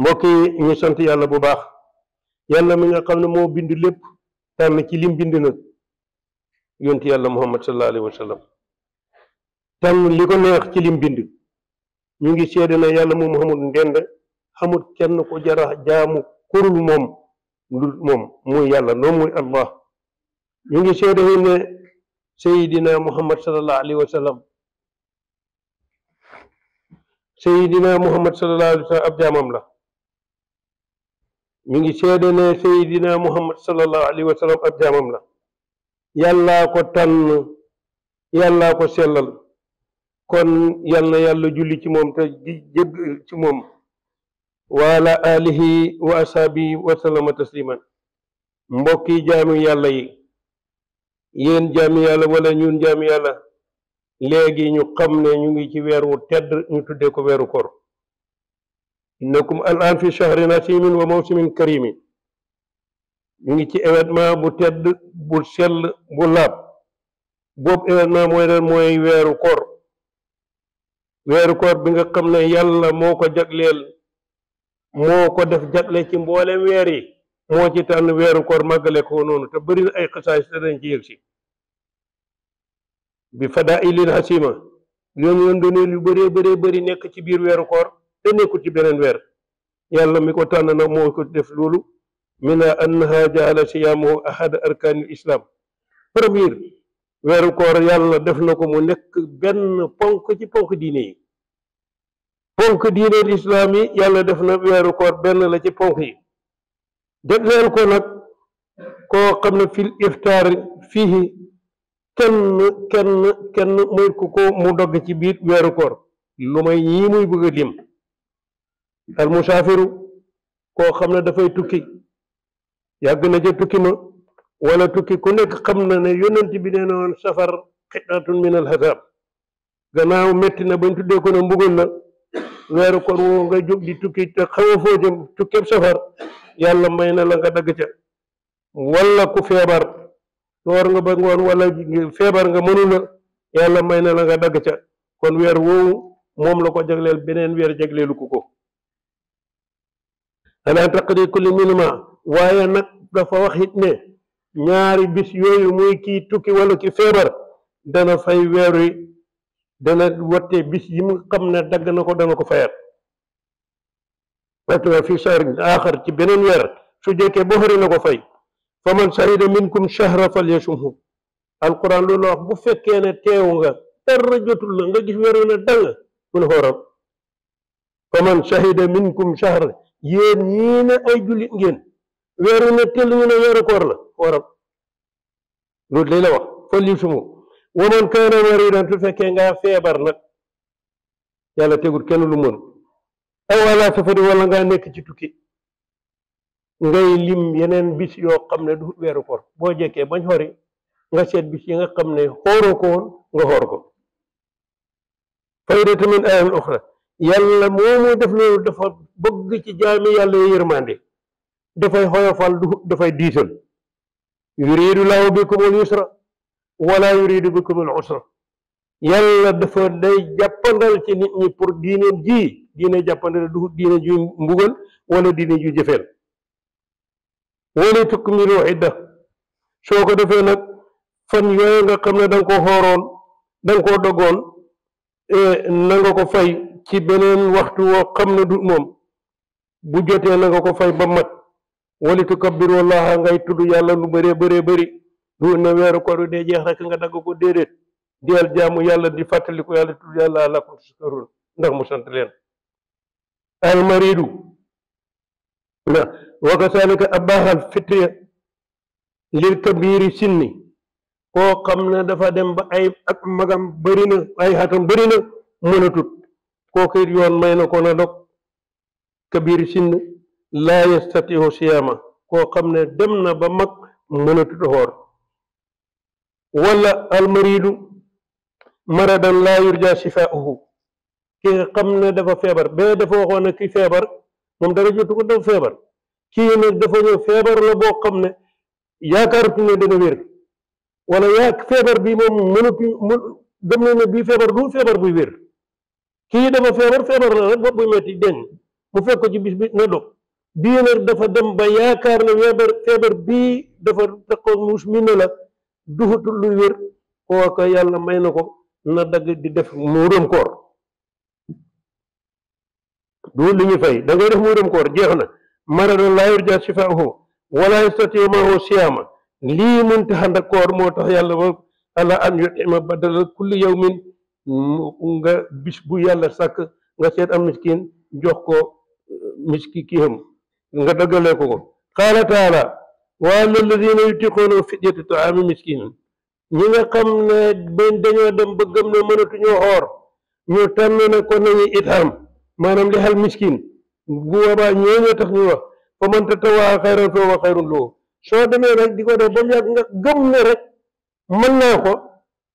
mbokk yi ñu sant yàlla bu baax yàlla mi nga xam ne moo bind lépp tànn ci lim bind nag yonti yàlla muhammad sallallahu alayhi wa sallam tànn li neex ci lim bind ñu ngi seede na yàlla moom xamul ndend xamul kenn ko jara jaamu kurul moom muy yàlla noo muy allah ñu ngi seede ne sayidina muhammad sallallahu alayhi wa sallam sayidina muhammad sallallahu wa sallam ab jaamam la ñu ngi seede ne Seydina Muhammad sallallahu alayhi wa sallam ab jaamam la yàllaa ko tànn yàllaa ko sellal kon yal na yàlla julli ci moom te jëgg ci moom wa ala alihi wa asaabi wa sallama tasliman mbokki jaami yàlla yi yéen jaami yàlla wala ñun jaami yàlla léegi ñu xam ne ñu ngi ci weer wu tedd ñu tuddee ko weeru koor innakum alaan fi shahri nasimin wa mawsimin karimin ñu ngi ci événement bu tedd bu sell bu laab boobu événement mooy lan mooy weeru koor weeru koor bi nga xam ne yàlla moo ko jagleel moo ko def jagle ci mboolem weer yi moo ci tànn weeru koor màggale ko noonu te bëri na ay xasaay te dañ ci yëg si bi fadaa ilil hasima yoon yoon dooneel yu bëree bëree bëri nekk ci biir weeru koor te nekkul ci beneen weer yàlla mi ko tànn nag moo ko def loolu mina annaha jaala siyaamuhu ahada arkaanil islaam premier weeru koor yàlla def na ko mu nekk benn ponk ci ponk diine yi ponk diine lislaam yi yàlla def na weeru koor benn la ci ponk yi jagleel ko nag koo xam ne fil iftaar fii kenn kenn kenn mooy ku ko mu dogg ci biir weeru koor lu may ñii muy bëgg a al musaafiru koo xam ne dafay tukki yàgg na ca tukki ma wala tukki ku nekk xam na ne yonent bi nee na woon safar xitaatun min al xasaab metti na bañ tuddee ko ne mbugal la weeru koor woo nga jóg di tukki te xaw a foo jëm tukkeeb safar yàlla may na la nga dagg ca wala ku feebar door nga ba ngoon wala feebar nga mënu la yàlla may na la nga dagg ca kon weer woowu moom la ko jagleel beneen weer jegleelu ko ko ala taqdi kulli minuma waaye nag dafa wax it ñaari bis yooyu muy kii tukki wala ki feebar dana fay weer wi dana wote bis yi mu xam ne dagg na ko dana ko fayat wata fi shahr aaxar ci beneen weer su jëkkee boxori na ko fay fa man shahida minkum shahra falyashumhu alquran loolu wax bu fekkee ne teew nga dara jotul la nga gis weer wi ne danga mun xooram fa man shahida minkum shahra yéen ñii ne ay jullit ngeen weeru ne tëll ñu ne weeru koor la waral loolu lay la wax fëlli sumu waman kaana maridan su fekkee nga feebar nag yàlla tegul kenn lu mën aw ala safari wala ngaa nekk ci tukki ngay lim yeneen bis yoo xam ne du weeru koor boo jekkee bañ xori nga seet bis yi nga xam ne xooroo ko nga xoor ko faydata min ayamin uxra yàlla moomu def loolu dafa bëgg ci jaami yàlla yi yërmande dafay xoyofal du dafay diisal yuridu lahu bikumul yusra wala yuridu bikumul usra yàlla dafa day jàppandal ci nit ñi pour diine ji diine jàppandal du diine ju mbugal wala diine ju jëfeel wala tukmilu idda soo ko defee nag fan yooyu nga xam ne danga ko xooroon danga ko dogoon eh, na ko fay ci beneen waxtu woo xam ne du moom bu jotee na nga ko fay ba mat wali tukabbiru allaha ngay tudd yàlla lu bëree bëree bëri du na weeru koru dee jeex rek nga dagg ko déedéet diyal jaamu yàlla di fàttaliku yàlla tudd yàlla lakum tuskaruun ndax mu sant leen almaridu wa kasaalika abaaxal fitri lil kabiiri sinni koo xam ne dafa dem ba ay ak magam bëri na ay xatam bëri na mënatut kooku it yoon may na ko na dog kabir sinn laa yastatihu siyaama koo xam ne dem na ba mag mënatut xoor wala almaridu maradan laa yurja shifaauhu ki nga xam ne dafa feebar bee dafa waxoon ne feebar moom dara jotu ko dafa feebar kii nag dafa ñëw feebar la boo xam ne yaakaaratu ne dana wér wala yaa feebar bii moom mënatu mu dem ne bii feebar du feebar buy wér kii dafa feebar feebar la rek bopp buy metti denc mu fekk ko ci bis bi noddo bii nag dafa dem ba yaakaar ne feebar feebar bii dafa takkoog muus mi ne la duhutul lu wér kooka yàlla may na ko na dagg di def muuram koor du li ñu fay da def muuram koor jeex na maradon laa yurja shifaahu wala yastati maahu siyaama lii mun taxand moo tax yàlla ba ala an yutima badala kulli yawmin nga bis bu yàlla sàkk nga seet am miskin jox ko miskikihim nga dëggalee ko ko qaala taala wa ala alladina yutiquuna fidyatu taami miskiin ñi nga xam ne ben dañoo dem ba gëm ne mënatuñoo xoor ñu tànn ne ko nañu itam maanaam li xal miskiin bu boobaa ñooñu tax ñu wax fa man tatawaa xayran fa huwa xayrun lahu soo demee nag di ko dem ba mu nga gëm ne rek mën naa ko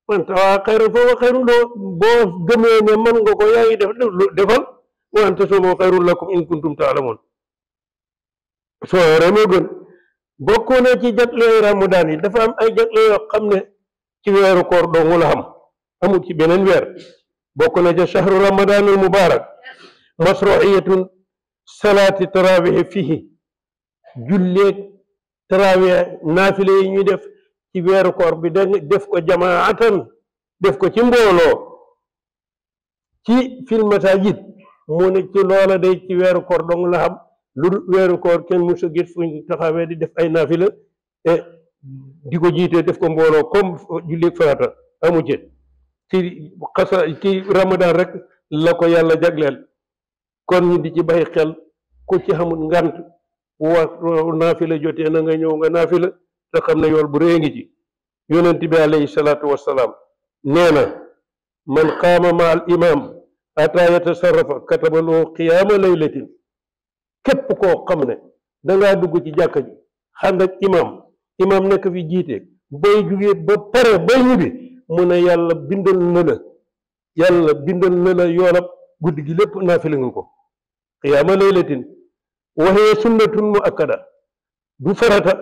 man tatawaa xayran fa huwa xayrun lahu boo gëmee ne mën nga ko yaa defal wa an tasuumu xayrun lakum in kuntum taalamun soo yoree gën bokkoo na ci jagleel ramadaan yi dafa am ay jagleel xam ne ci weeru koor dong la xam amul ci beneen weer bokk na ca shahru ramadaanul mubaarak masruiyatun salaati tarawih fihi julleeg tarawih naafile yi ñuy def ci weeru koor bi def ko jamaatan def ko ci mbooloo ci fil masaajid mu ne ci loola day ci weeru koor dong la xam lu weeru koor kenn musu gis fu ñu taxawee di def ay naafila di ko jiitee def ko mbooloo comme julli farata amu ci ci xasa ci ramadan rek la ko yàlla jagleel kon ñu di ci bàyyi xel ku ci xamul ngant wa naafila jotee na nga ñëw nga naafila te xam ne yool bu rëy ngi ci yonent bi alayhi salaatu wassalaam nee na man qaama ma al imam ata yatasarrafa katabaloo qiyaama laylatin képp koo xam ne dangaa dugg ci jàkka ji xànd ak imam imam nekk fi jiite bay jugee ba pare bay ñibbi mu ne yàlla bindal na la yàlla bindal na la guddi gi lépp naafila nga ko qiyaama laylatin waxee sunnatun mu akkada du farata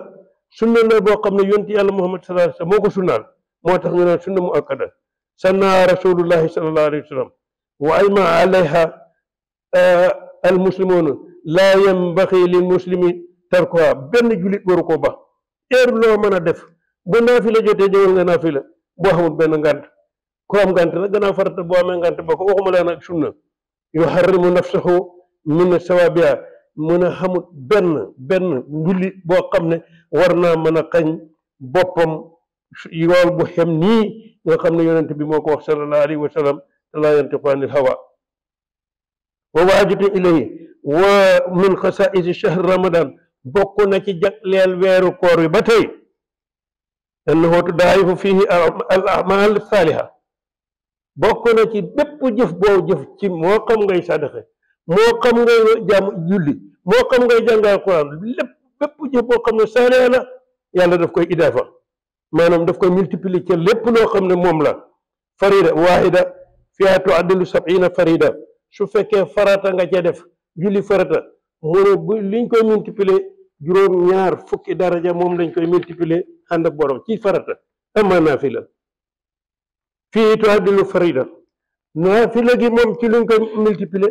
sunna la boo xam ne yonti yàlla muhammad sallallahu alayhi moo ko sunnaal moo tax ñu naan sunna mu akkada sanna rasulullahi sallallahu alayhi wasallam وأيما عليها المسلمون لا ينبغي للمسلم تركها بن جلد وركوبة heure loo mën a def bu naafila jotee ñëwal nga naafila boo xamul benn ngant ko am ngant nag gannaaw farata boo amee ngant ba ko waxuma laa nag sunna yuharrimu nafsahu min sawabiha mën a xamul benn benn njulli boo xam ne war naa mën a xañ boppam yool bu xem nii nga xam ne yonent bi moo ko wax sallallahu alayhi wa لا ينطق عن الهوى وواجد إليه ومن خصائص شهر رمضان بوكونا تي جاكليل ويرو كور باتاي انه تضاعف فيه الاعمال الصالحه بوكونا تي بيب جيف بو جيف تي مو خم غاي صدقه مو خم غاي جام جولي مو خم غاي جانغال القران لب بيب جيف بو خم صالح لا يالا داف كوي اضافه مانام داف كوي ملتيبلي تي لب لو خم ne moom la farida wahida فيها تعدل سبعين فريدة شوف كيف فرطة جدف جلي فرطة هو بلين كوي ملتبلي جروم نار فك درجة موم لين كوي ملتبلي عندك بروم كيف فرطة أما نافلة فيه تعدل فريدة نافلة جي موم كلين كوي ملتبلي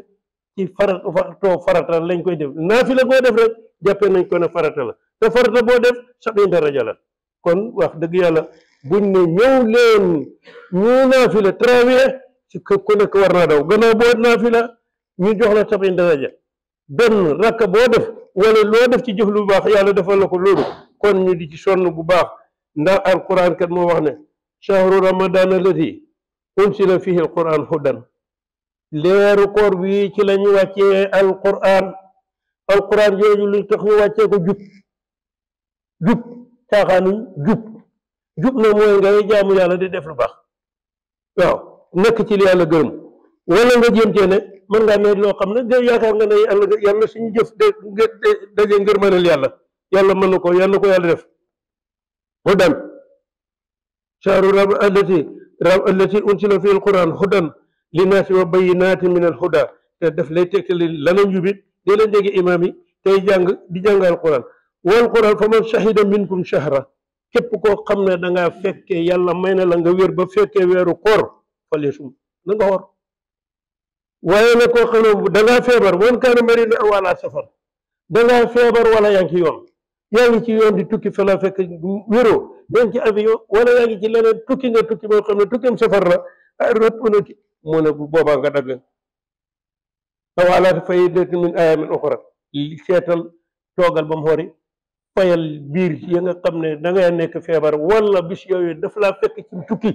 كيف فرطة فرطة فرطة لين كوي دف نافلة كوي دف جابين لين كوي فرطة لا فرطة كوي دف سبعين درجة لا كون واخ دقيالا بني نيو لين نيو نافلة ko këpp ku nekk war naa daw gannaaw boo naafila ñu jox la tabin daraja benn rakk boo def wala loo def ci jëf lu baax yàlla defal la ko loolu kon ñu di ci sonn bu baax ndax alquran kat moo wax ne shahru ramadan alladi unsila fihi alquran hudan leeru koor bi ci lañu wàccee alquran alquran jooju lu tax ñu wàccee ko jub jub caaxaanuñ jub jub na mooy ngay jaamu yàlla di def lu baax waaw nekk ci li yàlla gërëm wala nga jéem cee ne mën ngaa ne loo xam ne de yaakaar nga ne yàlla yàlla suñu jëf de daje ngërmanal yàlla yàlla mën na ko yàlla ko yàlla def hudan shaaru rab allati rab allati unsila fi alquran hudan linnaasi wa bayinaati min alhuda te daf lay tegtali lana njubit dee leen jege imaam yi tey jàng di jàng alquran wal quran fa man shahida minkum shahra képp koo xam ne dangaa fekkee yàlla may na la nga wér ba fekkee weeru koor palesum na nga woor waaye nag koo xam ne dangaa feebar woon kaana marid aw alaa safar dangaa feebar wala yaa ngi yoon yaa ngi ci yoon di tukki fala fekk wéroo yaa ngi ci avion wala yaa ngi ci leneen tukki nga tukki boo xam ne tukkim safar la ah, na ci mu ne bu boobaa nga dagg aw min ayaamin uxra seetal toogal ba mu xori fayal biir ya nga xam ne nekk feebar wala bis daf laa fekk tukki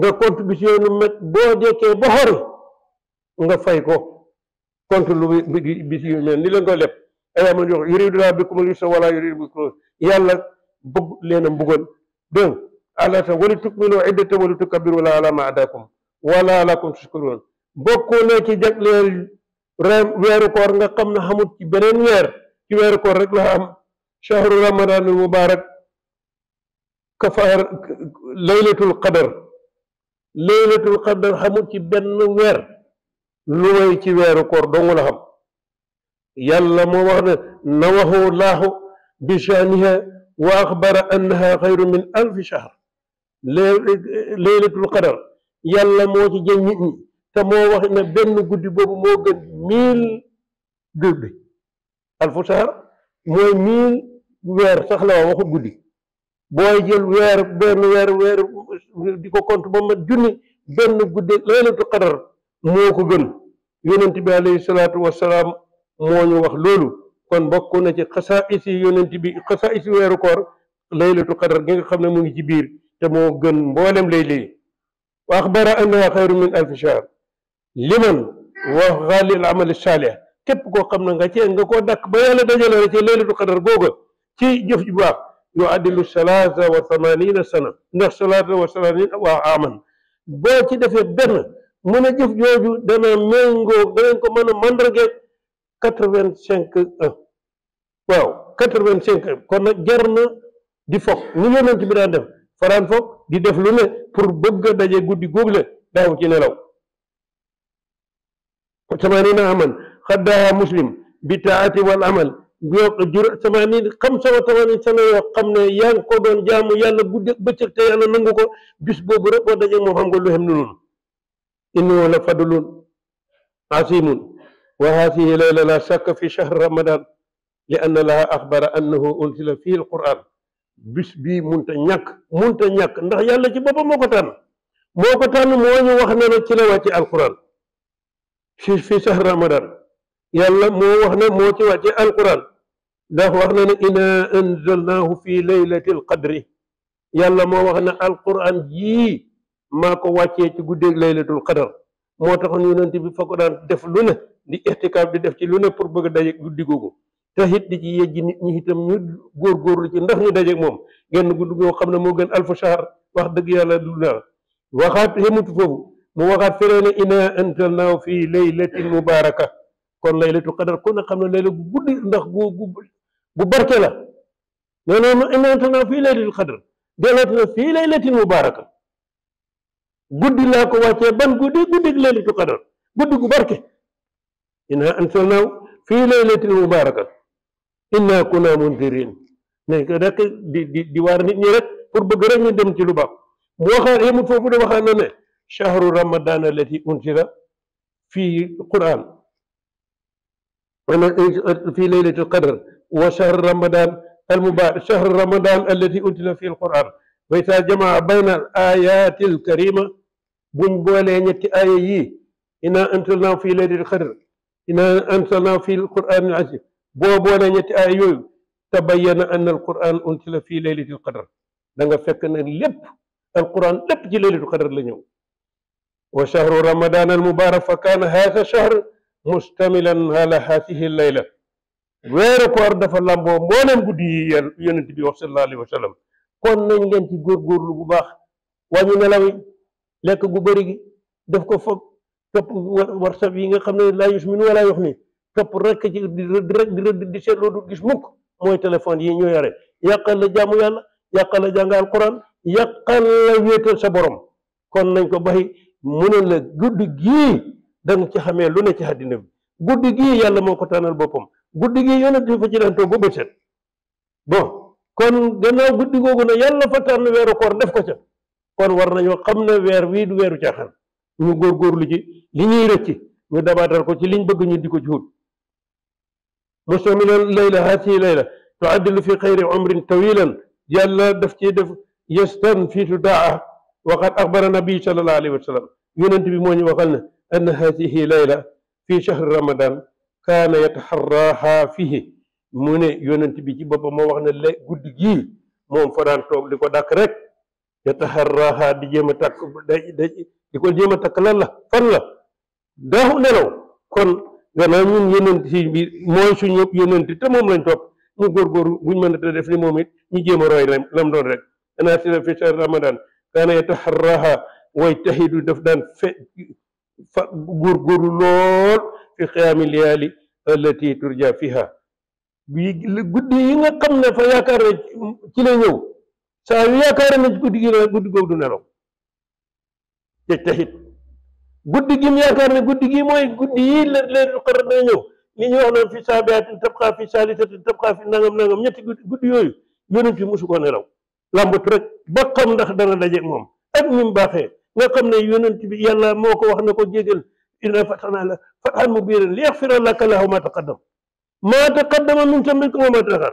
nga contribution lu met boo dekkee ba xori nga fay ko contribution leen ni la nga leb ay amoon yox yuridu laa bikumul yusra wala yuridu bikumul yàlla bëgg leen a mbugal dégg àlla iddata wali tukabbiru wala ala ma adakum wala lakum tushkurun bokkoo na ci jagleel rem weeru koor nga xam ne xamut ci beneen weer ci weeru rek la am shahru ramadanul mubarak kafaar laylatul qadar laylatul qadr xamul ci benn weer lu may ci weeru koor dong la xam yàlla moo wax ne nawahu laahu bi shaniha wa axbara annaha xayru min alfi shahr laylatul qadr yàlla moo ci jël nit ñi te moo wax ne benn guddi boobu moo gën mille guddi alfu shahr mooy mille weer sax la waxu guddi booy jël weer benn weer weer di ko compte ba mat junni gude gudde laylatu qadar moko gën yonnati bi alayhi salatu wassalam moñu wax loolu kon bokku na ci tibi yonnati bi xasaisi weeru koor laylatu qadar gi nga xamne mo mu ngi ci biir te mo gën mbolem layli yi wa axbara annaha khayrun min alf shahr liman wa xaali al amal salih kep ko xamna nga ci nga ko dak ba yalla dajalo ci laylatu qadar gogo ci jëf ju baax yuaddilu salaasa wa thamanina sana ndax salaasa wa thamanina waa aman boo ci defee benn mën a jëf jooju dana méngoo danañ ko mën a mandarge quatre vingt cinq ans quatre vingt cinq ans kon di foog ni yonent bi daan def faraan foog di def lu ne pour bëgg daje guddi google daaw ci nelaw thamanina aman xaddaha muslim bi taati wal amal juróom tamanin xam sama tamanin sama yoo xam ne yaa ngi ko doon jaamu yàlla guddi bëccëg te yàlla nangu ko bis boobu rek boo dajee moom xam nga lu xem ne la fadlun asimun wa haadihi layla la shakka fi shahr ramadan li anna laha axbara annahu unsila fi alquran bis bii munta ñàkk munta ñàkk ndax yàlla ci boppam moo ko tànn moo ko tànn moo wax ne na ci la wàcce alquran fi fi shahr ramadan yàlla moo wax ne moo ci wàcce alquran dafarnana ina anzalnaahu fi laylatil qadri yàlla moo wax ne alquran yii maa ko wàccee ci guddeeg laylatul qadar moo taxoon yonent bi fa ko daan def lu ne di ixtikaaf di def ci lu ne pour bëgg a dajeeg guddi googu te it di ci yejji nit ñi itam ñu góorgóorlu ci ndax ñu dajeeg moom genn guddi goo xam ne moo gën alfa shahar wax dëgg yàlla du naa waxaat yemut foofu mu waxaat feree ne ina anzalnaahu fi laylatin mubaraka kon laylatul qadar ku ne xam ne layla guddi ndax gu ببركة لا لأنه إن أنتنا في ليلة القدر دلتنا في ليلة مباركة قد الله كواتي بان قد قد ليلة القدر قد ببركة إن أنتنا في ليلة مباركة إنا كنا منذرين نك رك دي دي دوار نيت نيرك pour bëgg rek ñu dem ci lu baax mu waxa yemu fofu da waxa na ne shahru ramadan allati unzila fi qur'an wa fi laylatul qadr وشهر رمضان المبارك شهر رمضان الذي أنزل فيه القرآن وإذا جمع بين الآيات الكريمة بن بولي نيت آية إنا أنزلنا في ليلة القدر إنا أنزلنا في القرآن العزيز بو بولي نيت آية تبين أن القرآن أنزل في ليلة القدر داغا فك ن لب القرآن لب جي ليلة القدر لا وشهر رمضان المبارك فكان هذا شهر مشتملا على هذه الليله weeru koor dafa lamboo leen guddi yi yonent bi wax sallallahu alayhi wa sallam kon nañ leen ci góorgóorlu bu baax wàññi nelaw yi lekk gu bëri gi def ko foog topp warsab yi nga xam ne laa yus min wala yox ni topp rek ci di rek di rëdd di seetloo du gis mukk mooy téléphone yi ñu yore yàqal la jaamu yàlla yàqal la jàng alquran yàqal la wéetal sa borom kon nañ ko bàyyi mu ne la guddi gii da ci xamee lu ne ci àddina bi guddi gii yàlla moo ko tànnal boppam guddi gi yonent bi fa ci daan toog ba bët set bon kon gannaaw guddi googu na yàlla fa tànn weeru koor def ko ca kon war nañoo xam ne weer wii du weeru caaxaan ñu góorgóorlu ci li ñuy rëcc ñu dabaatal ko ci liñ bëgg ñu di ko ci wut mustamilan layla haati layla tuaddilu fi xayri umrin tawilan yàlla def ci def yastanfitu daa wa qad axbara nabi sallallahu alayhi wa sallam yonent bi moo ñu waxal ne ann haatihi layla fi shahri ramadan كان يتحراها فيه من يونت بي جي بابا ما واخنا لا غود جي موم فدان توك ديكو داك رك يتحراها دي جيما تاك دي دي ديكو جيما تاك لان لا فان لا داو نلو كون غنا نين يونت سي بي موي سو نيب يونت تي موم لان توك ني غور غور بوين مانا ديف لي موميت ني جيما روي لام دون رك انا سي في شهر رمضان كان يتحراها ويتحيد دف دان في غور غور لول في قيام الليالي allati turja fiha guddi yi nga xam ne fa yaakaar ne ci la ñëw saa yu yaakaar ne guddi gi guddi googu du nelaw te taxit guddi gi mu ne guddi gi mooy guddi yi la leen xar na ñëw li ñuy wax noonu fi saabiatin tabqa fi saalisatin tabqa fi nangam nangam ñetti guddi yooyu yonent bi musu ko nelaw làmbatu rek ba xam ndax dana dajeeg moom ak ñi mu baaxee nga xam ne yonent bi yàlla moo ko wax na ko jégal إنا فتحنا لك فتحا مبينا ليغفر لك له ما تقدم ما تقدم من ذنبكم وما تأخر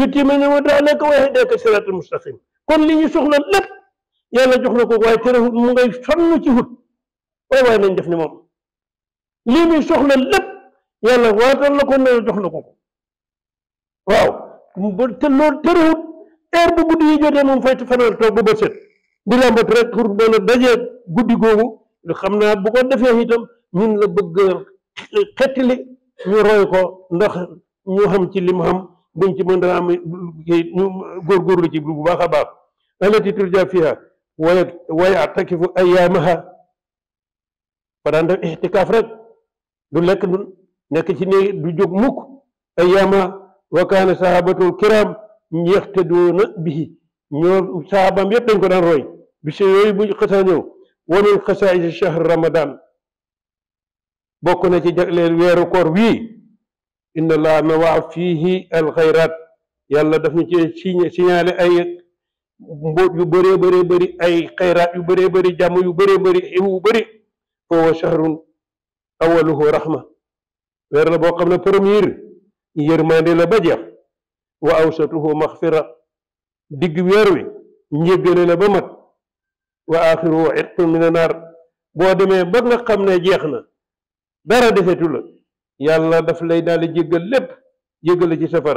يتيمنا ودع لك ويهداك صراط المستقيم كل لي سخنا لك يا الله جخنا كوك واي تره مغاي فن تيوت واي واي من دفن مام لي مي سخنا لك يا الله واتر لك ونال جخنا كوك واو مبرت اللور تره اير بو بودي يجو دي مم فايت فنال توب بسيط بلا مبرت خرد بلا بجيت بودي xam naa bu ko defee itam ñun la bëgg xettali ñu roy ko ndax ñu xam ci li xam buñ ci mën dana am ñu góorgóorlu ci bu baax a baax alati turja fiha way way atakifu ayaamaha fa daan def ixtikaaf rek du lekk nekk ci néeg du jóg mukk ayaamaha wa kaana sahabatul kiram yaxtadoona bihi ñoo sahabaam yëpp dañ ko daan roy bis yooyu bu xësaa ñëw ومن خصائص شهر رمضان بوكنا تي جاغليل ويرو كور وي ان الله نوا فيه الخيرات يلا داف ني سينالي اي مبوت يو بري بري بري اي خيرات يو بري بري جام يو بري بري يو بري هو شهر اوله رحمه وير لا بو خمنا برومير يرماندي لا باجا واوسطه مغفره ديغ ويروي نيغل لا با واخره عتق من النار بو ديمي باغا خامني جيخنا دارا ديفيتول يا الله لي دال جيغل لب جيغل سي سفر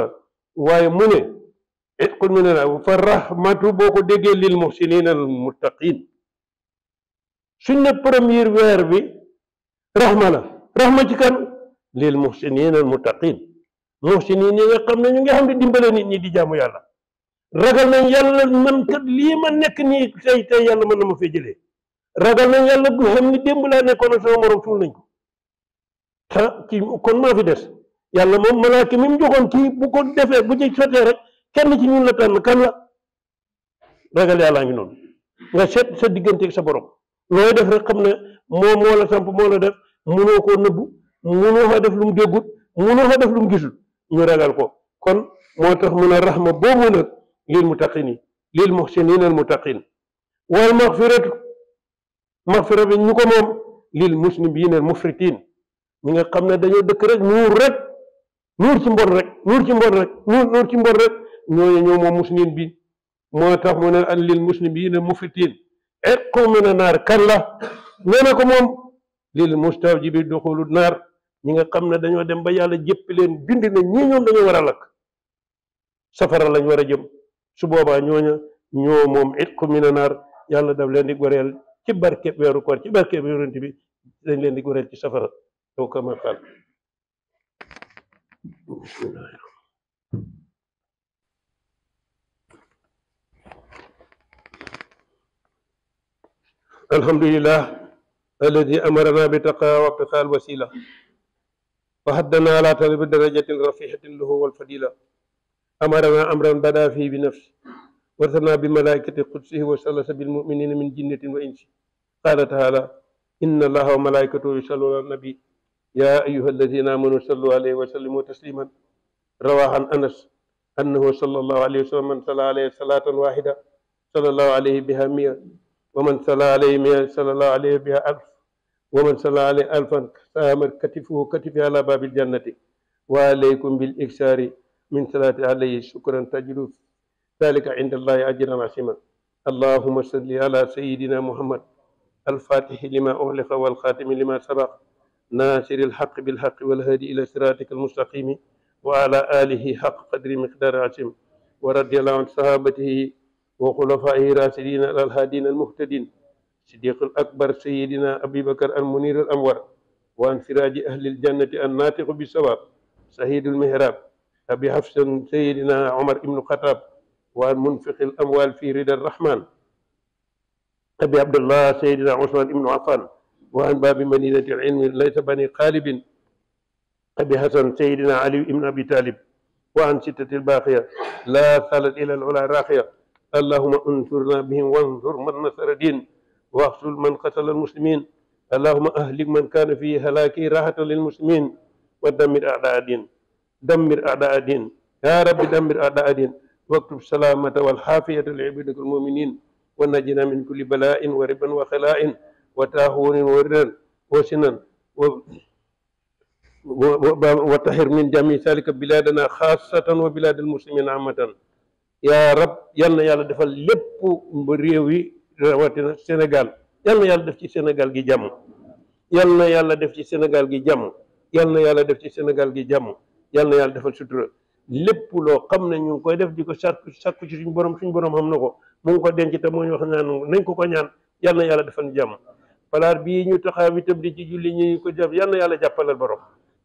واي موني عتق من النار فالرحمه بوكو ديغي للمحسنين المتقين سن بروميير وير رحمه لا رحمه كان للمحسنين المتقين محسنين يغا خامني نيغي خامني ديمبل نيت ني دي ragal nañ yàlla man kat lii ma nekk nii tey tey yàlla mën na ma fee jëlee ragal nañ yàlla bu xam ni démb laa nekkoon ak sama morom suul nañ ko ta ci kon maa fi des yàlla moom malaaka mi mu joxoon kii bu bu ci sotee rek kenn ci ñun la tànn kan la ragal yàllaa ngi noonu nga seet sa digganteeg sa borom looy def rek xam ne moom moo la samp moo la def mënoo koo nëbbu mënoo fa def lu mu déggut mënoo fa def lu mu gisul ñu ragal ko kon moo tax mun a raxma boobu nag lilmuttaqin lil muhsinin almuttaqin wal maxfiratu maxfira bi ñu ko moom lil muslimin almufritin ñi nga xam ne dañoo dëkk rek nuur rek nuur ci mbon rek nuur ci mbon rek nuur nuur ci mbon rek ñooñu ñoo moom muslimin bi moo tax moo ne an lil muslimin almufritin equ min a naar kan la ñoo ne ko moom lil mustawjibi duxulu naar ñi nga xam ne dañoo dem ba yàlla jëpp leen bind ne ñii ñoom dañoo war a lakk safara lañ war a jëm su boba ñoña ñoo mom itku minanar yàlla daf leen di gorel ci barke weeru ko ci barke bi yoonte bi dañ leen di gorel ci safara yow kama fal الحمد لله الذي أمرنا بتقى وابتقى وسيله وحدنا على طلب الدرجة الرفيحة له والفضيلة أمرنا أمرا بدا فيه بنفسه وارسلنا بملائكة قدسه وسلس بالمؤمنين من جنة وإنس قال تعالى إن الله وملائكته يصلوا على النبي يا أيها الذين آمنوا صلوا عليه وسلموا تسليما رواه عن أنس أنه صلى الله عليه وسلم من صلى عليه صلاة واحدة صلى الله عليه بها مئة ومن صلى عليه مئة صلى الله عليه بها ألف ومن صلى عليه ألفا سامر كتفه كتفه على باب الجنة وعليكم بالإكسار من صلاة عليه شكرا تجد ذلك عند الله أجرا عظيما اللهم صل على سيدنا محمد الفاتح لما أغلق والخاتم لما سبق ناصر الحق بالحق والهادي إلى صراطك المستقيم وعلى آله حق قدر مقدار عظيم ورضي الله عن صحابته وخلفائه راشدين على الهادين المهتدين صديق الأكبر سيدنا أبي بكر المنير الأنور وعن سراج أهل الجنة الناطق بالصواب سهيد المهراب أبي حفص سيدنا عمر بن الخطاب وعن منفق الأموال في رضا الرحمن أبي عبد الله سيدنا عثمان بن عفان وعن باب مدينة العلم ليس بني قالب أبي حسن سيدنا علي بن أبي طالب وعن ستة الباقية لا ثالث إلى العلا راقية اللهم انصرنا بهم وانصر من نصر الدين واقتل من قتل المسلمين اللهم أهلك من كان فيه هلاكي راحة للمسلمين ودمر أعداء الدين دمر أعداء الدين يا رب دمر أعداء الدين واكتب سلامة والحافية لعبادك المؤمنين ونجنا من كل بلاء وربا وخلاء وتاهون ورد وسنا وطهر من جميع ذلك بلادنا خاصة وبلاد المسلمين عامة يا رب يلا يلا دفل لبو بريوي رواتنا السنغال yal يلا yàlla السنغال جي Sénégal gi يلا yal السنغال جي def ci يلا gi السنغال جي na yàlla na yàlla defal sutura lépp loo xam ne ñu ngi koy def di ko sàkku sàkku ci suñu borom suñu borom xam na ko mu ngi ko denc te mooy wax naan nañ ko ko ñaan yàlla na yàlla defal jàmm palaar bii ñu taxaw itam di ci julli ñu ko jàpp yàlla yàlla jàppalal borom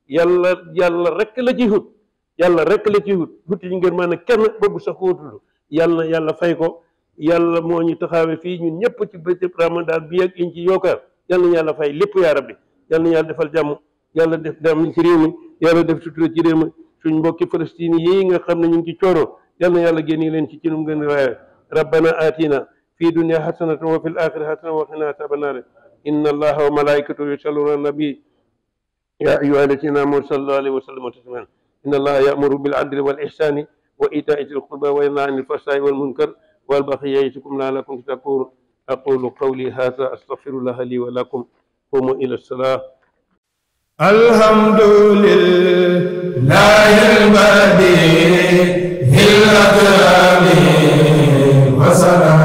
yàlla yàlla rek la ci hut yàlla rek la ci hut hut yi ngeen mën a kenn bëgg sax koo tudd yàlla yàlla fay ko yàlla moo ñu taxawee fii ñun ñëpp ci bëccëg ramadan bi ak ci yokkaar yàlla na fay lépp yaa rabbi yàlla na defal jàmm yàlla def jàmm ci réew mi yàlla def sutura ci réew mi suñ mbokki Palestine yi nga xam ne ñu ngi ci coono yal na yàlla génne leen ci ci nu mu gën a raaye rabbana atina fi dunia xasanatan wa fi l axira xasanatan wa qina azaaba naar inna allaha wa malaikatahu yusalluna ala nabi يا أيها الذين آمنوا صلى الله عليه وسلم تسليما إن الله يأمر بالعدل والإحسان وإيتاء ذي القربى وينهى عن الفحشاء والمنكر والبغي يعظكم لعلكم تذكرون أقول قولي هذا أستغفر الله لي ولكم قوموا إلى الصلاة الحمد لله البديع الأكرم وسلام